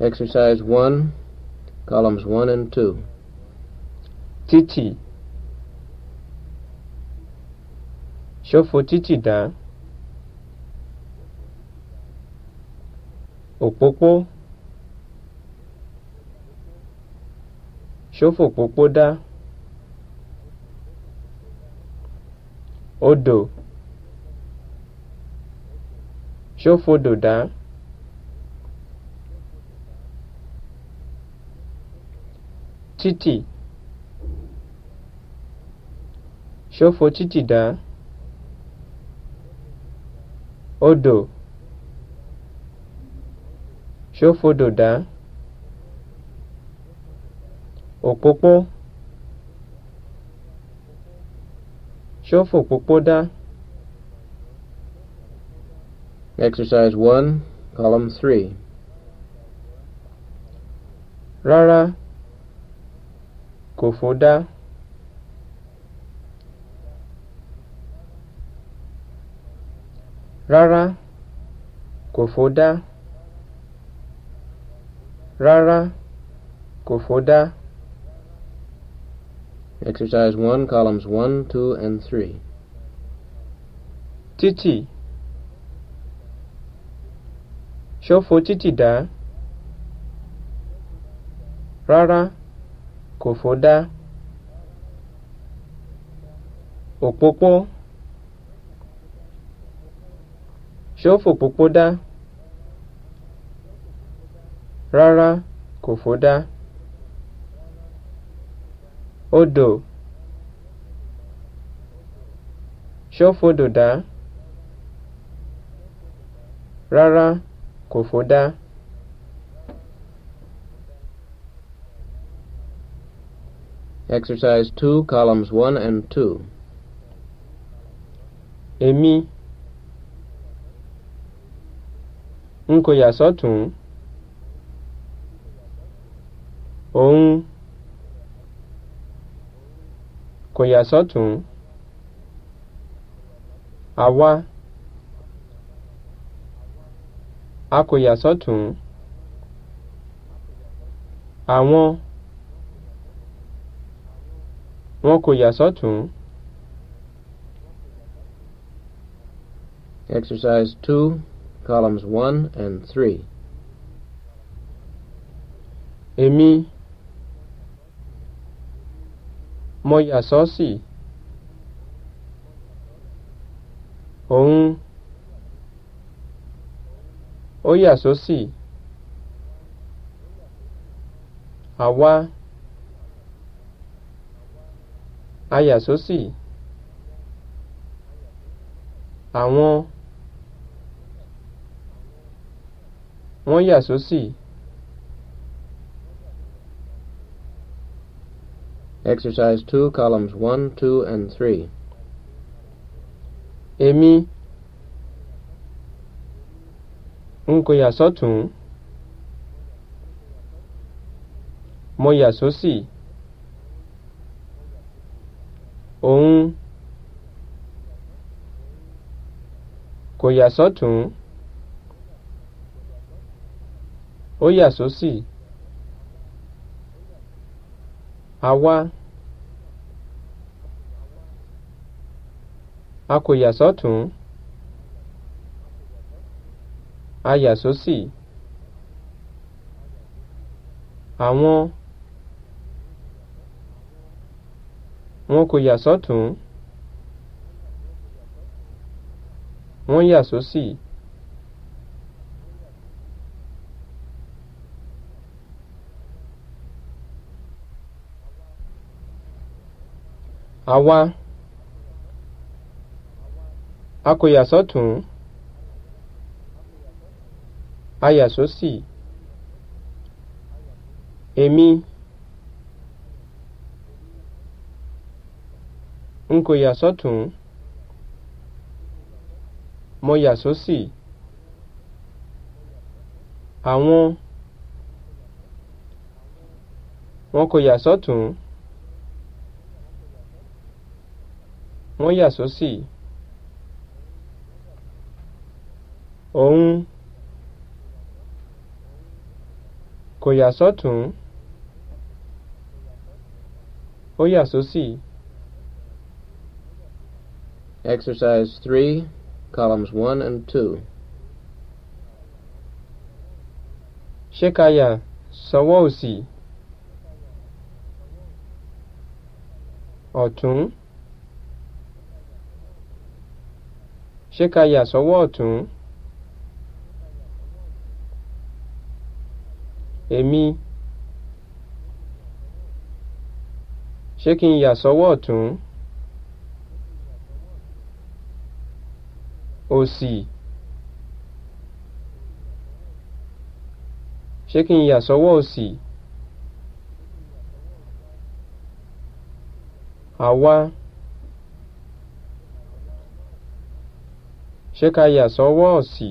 Exercise 1, columns 1 and 2. Títì. Shofu fo títì dá? Òpópó. Shofu fòpópó dá? Odò. Shofu do dá? títì ṣó títì dá odò shofo fodò dá òpópó shofo fòpópó dá. Exercise 1, column 3. Rárá. Kofoda, Rárá, Kofoda, Rárá, Kofoda. Exercise 1, columns 1, 2, and 3. Títì. show for títì dá? Rárá. kòfọ́dá òpópó ṣé ó fòpópó dá rárá kò fò dá odò ṣé ó dá rárá kò fò dá. Exercise 2, columns 1 and 2. Èmi n yasotun, yà ko yasotun, awa, ako yasotun, àwa a wọn kò yà sọ́tún. Exercise two, columns one and three. Èmi mo yà sọ́sì. Òun ó yà sọ́sì. Àwa. aya sósì àwọn wọ́n yà sósì exercise two columns one two and three èmi n kò yà sọ́tún mo yà sósì. So yà sọ́tún ó yà sósì a wá a kò yà sọ́tún a yà àwọn wọn kò yà wọ́n yà sósì àwa a kò yà sọ́tún a yà sósì èmi n kò yà sọ́tún. So mo yà sósì àwọn wọn kò yà sọ́tún wọ́n yà sósì òun kò yà sọ́tún ó yà sósì. Exercise three columns 1 and 2. Shekaya Sawosi Otun. Shekaya sawotun. Emi. èmi ṣé kí n òsì ṣé kí n yà sọ́wọ́ òsì àwa ṣé ká yà sọ́wọ́ òsì.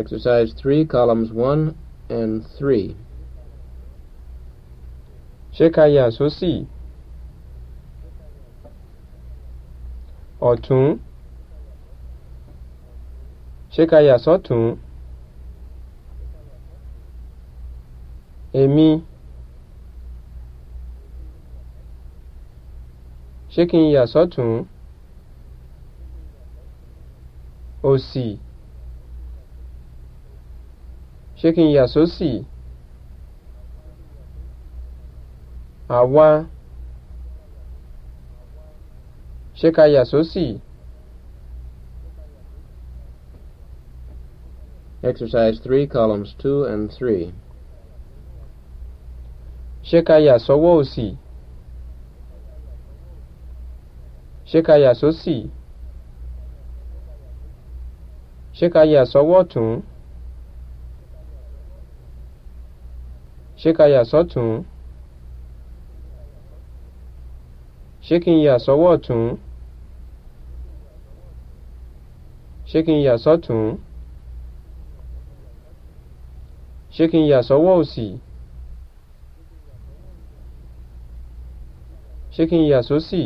Exercise three, columns one and three. Ṣé ká yà sósì? So ọ̀tún ṣé ká yà sọ́tún èmi ṣé kí n yà sọ́tún òsì ṣé kí n yà sósì àwa. So si ṣé ká yà sósì. exercise three columns two and three. ṣé ká yà sọ́wọ́ òsì. ṣé ká yà sósì. ṣé ká yà sọ́wọ́ ọ̀tún. ṣé ká yà sọ́tún ṣé kí n yà sọ́wọ́ ọ̀tún. ṣé kí n yà sọ́tún ṣé kí n yà sọ́wọ́ òsì ṣé kí n yà sósì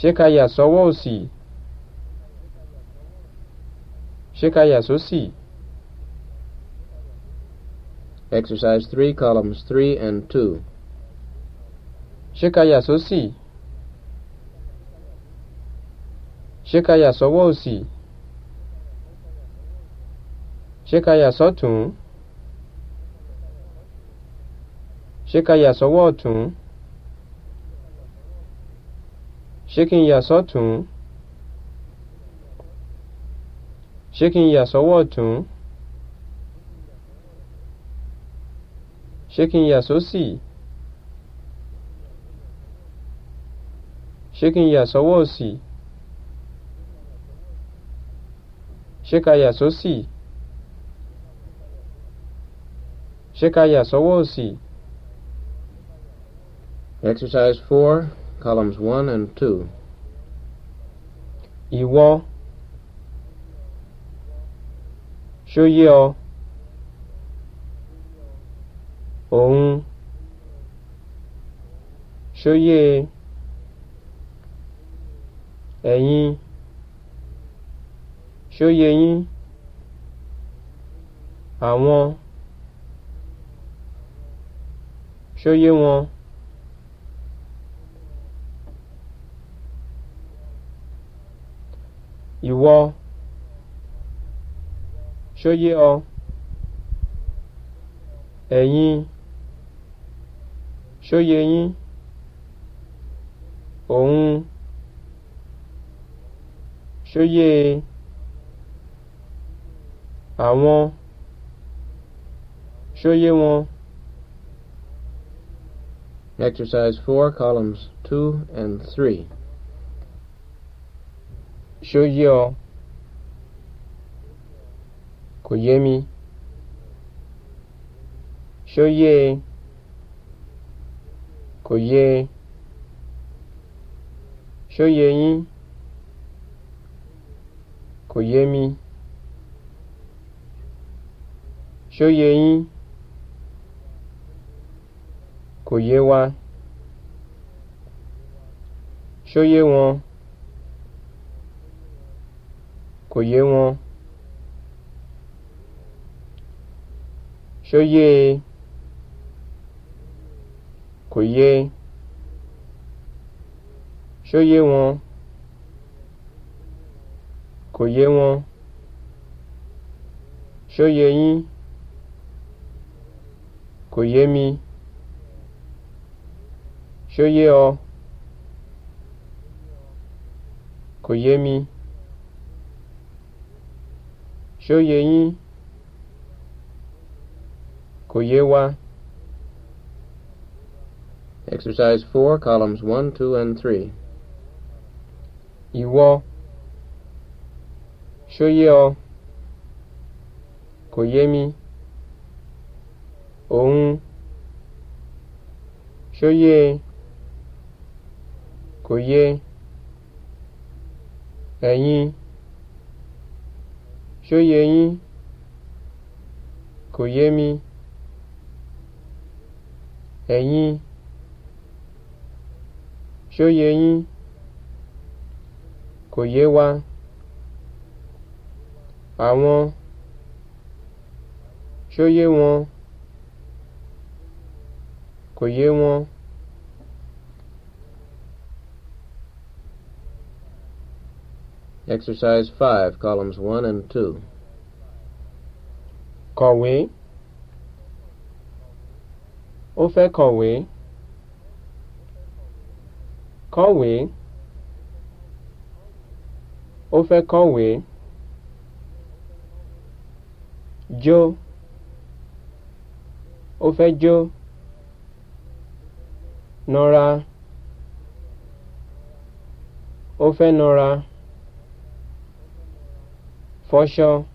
ṣé ká yà sọ́wọ́ òsì ṣé ká yà sósì. Exercise 3, columns 3 and 2. Ṣé ká yà sósì? ṣé ká yà sọ́wọ́ òsì ṣé ká yà sọ́tún ṣé ká yà sọ́wọ́ ọ̀tún ṣé kí n yà sọ́tún ṣé kí ọ̀tún ṣé sósì ṣé kí òsì. ṣé ká yà sósì ṣé ká yà sọ́wọ́ òsì. exercise four columns one and two. ìwọ ṣó yé ọ òun ṣó yé e? ṣó yín àwọn ṣó wọn. ìwọ ṣó ọ ẹ̀yin ṣó yín òun ṣó yé e? àwọn ṣóyé wọn. Exercise 4, columns 2 and 3. Ṣóyé ọ kò yé mi ṣóyé kò yé ṣóyé yín kò yé mi. ṣó yé yín kò yé wa ṣó yé wọn kò yé wọn ṣó yé kò yé ṣó yé wọn kò yé wọn ṣó yé yín. kò yé mi ṣó yé ọ kò yé mi ṣó yé yín kò yé wa. Exercise 4, columns 1, 2, and 3. Ìwọ ṣó yé ọ kò yé mi. òun ṣó kò yé ẹ̀yin ṣó yín kò yé mi ẹ̀yin ṣó yín kò yé wa àwọn ṣó wọn. kò Exercise 5, columns 1 and 2. Kọ̀wé. Ofe fẹ́ kọ̀wé. Kọ̀wé. Ó kọ̀wé. Jó. Ó nọra offer nọra For sure,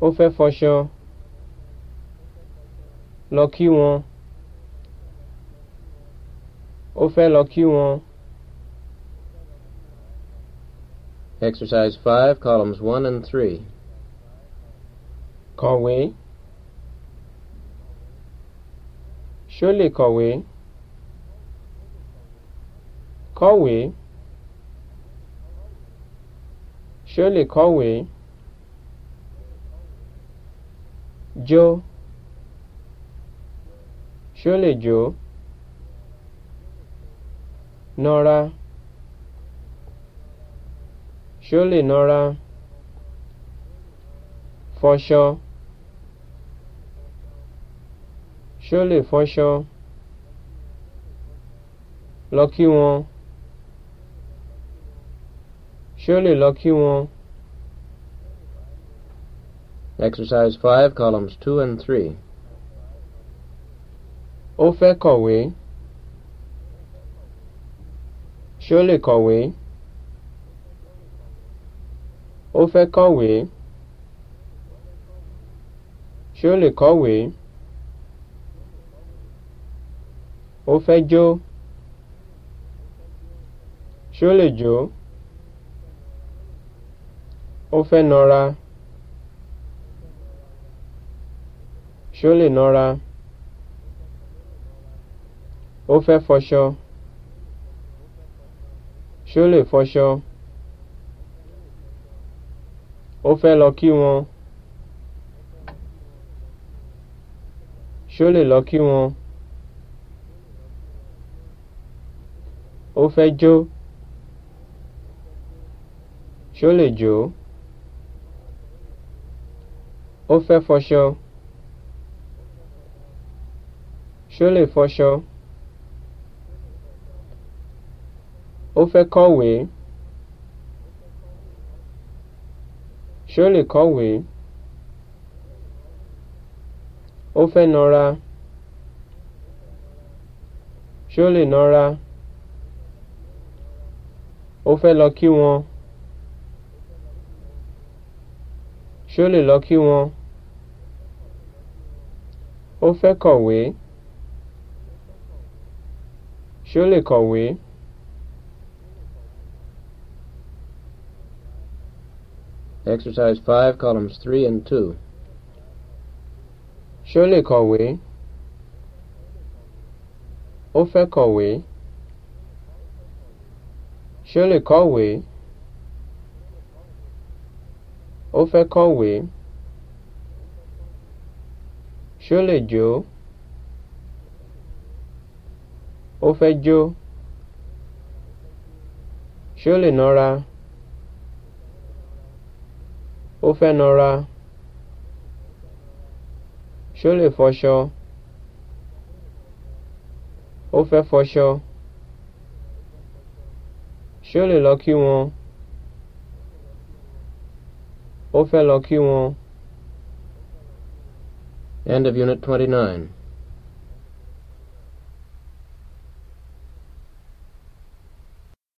offer For sure. kí wọn offer fẹ́ one. wọn. Exercise 5, columns 1 and 3. Conway. ṣó lè kọ̀wé kọ̀wé ṣó lè kọ̀wé jó ṣó lè jó nọ́ra ṣó lè nọ́ra fọṣọ. Surely, for lè fọṣọ lọ kí wọn one. lè lọ kí wọn. Exercise 5, columns 2 and 3. Ó fẹ́ kọ̀wé. Ṣé ó lè kọ̀wé? Ó fẹ́ kọ̀wé. lè kọ̀wé? Ó fẹ́ jó. Ṣé ó lè jó? Ó fẹ́ nara. Ṣé ó lè nara? Ó fẹ́ fọṣọ. Ṣé ó lè fọṣọ? Ó fẹ́ lọ kí wọn. Ṣé lè lọ kí wọn? Ó fẹ́ jó. Ṣó lè jò ó? Ó fẹ́ fọṣọ. Ṣó lè fọṣọ? Ó fẹ́ kọ̀wé. Ṣó lè kọ̀wé? Ó fẹ́ nọra. Ṣó lè nọra? ó fẹ́ lọ kí wọn ṣó lè lọ kí wọn ó fẹ́ kọ̀wé ṣó lè kọ̀wé. Exercise 5, columns 3 and 2. Ṣó lè kọ̀wé. Ó fẹ́ kọ̀wé. ṣé ó lè kọ̀wé ó fẹ́ kọ̀wé ṣé ó lè jó ó fẹ́ jó ṣé ó lè nọra ó fẹ́ nọra ṣé ó lè fọṣọ ó fẹ́ fọṣọ. Shirley lucky one. Ophel you one. End of unit 29.